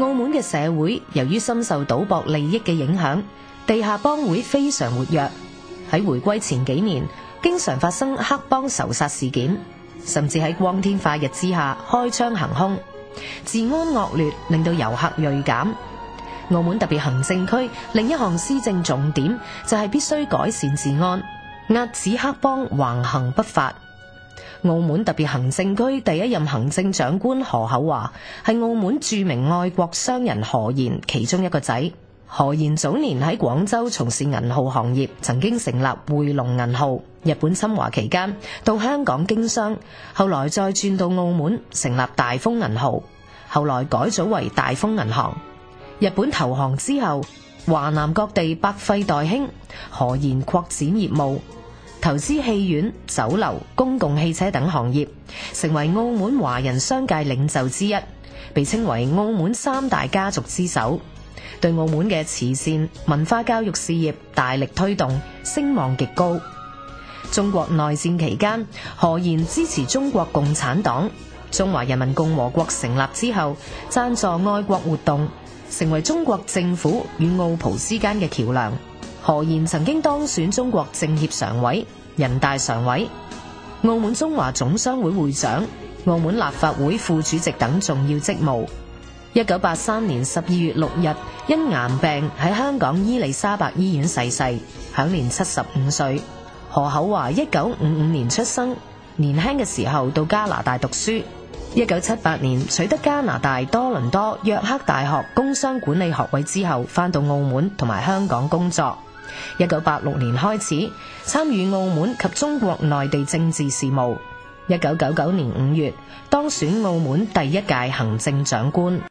澳門嘅社會由於深受賭博利益嘅影響，地下幫會非常活躍。喺回歸前幾年，經常發生黑幫仇殺事件，甚至喺光天化日之下開槍行凶。治安惡劣，令到遊客銳減。澳門特別行政區另一項施政重點就係必須改善治安，遏止黑幫橫行不法。澳門特別行政區第一任行政長官何厚華，係澳門著名愛國商人何賢其中一個仔。何賢早年喺廣州從事銀號行業，曾經成立匯隆銀號。日本侵華期間到香港經商，後來再轉到澳門成立大豐銀號，後來改組為大豐銀行。日本投降之後，華南各地百廢待興，何賢擴展業務。投資戲院、酒樓、公共汽車等行業，成為澳門華人商界領袖之一，被稱為澳門三大家族之首。對澳門嘅慈善、文化、教育事業大力推動，聲望極高。中國內戰期間，何賢支持中國共產黨。中華人民共和國成立之後，贊助愛國活動，成為中國政府與澳葡之間嘅橋樑。何賢曾經當選中國政協常委、人大常委、澳門中華總商會會長、澳門立法會副主席等重要職務。一九八三年十二月六日，因癌病喺香港伊利沙伯醫院逝世，享年七十五歲。何厚鏵一九五五年出生，年輕嘅時候到加拿大讀書。一九七八年取得加拿大多倫多約克大學工商管理學位之後，翻到澳門同埋香港工作。一九八六年開始參與澳門及中國內地政治事務。一九九九年五月當選澳門第一屆行政長官。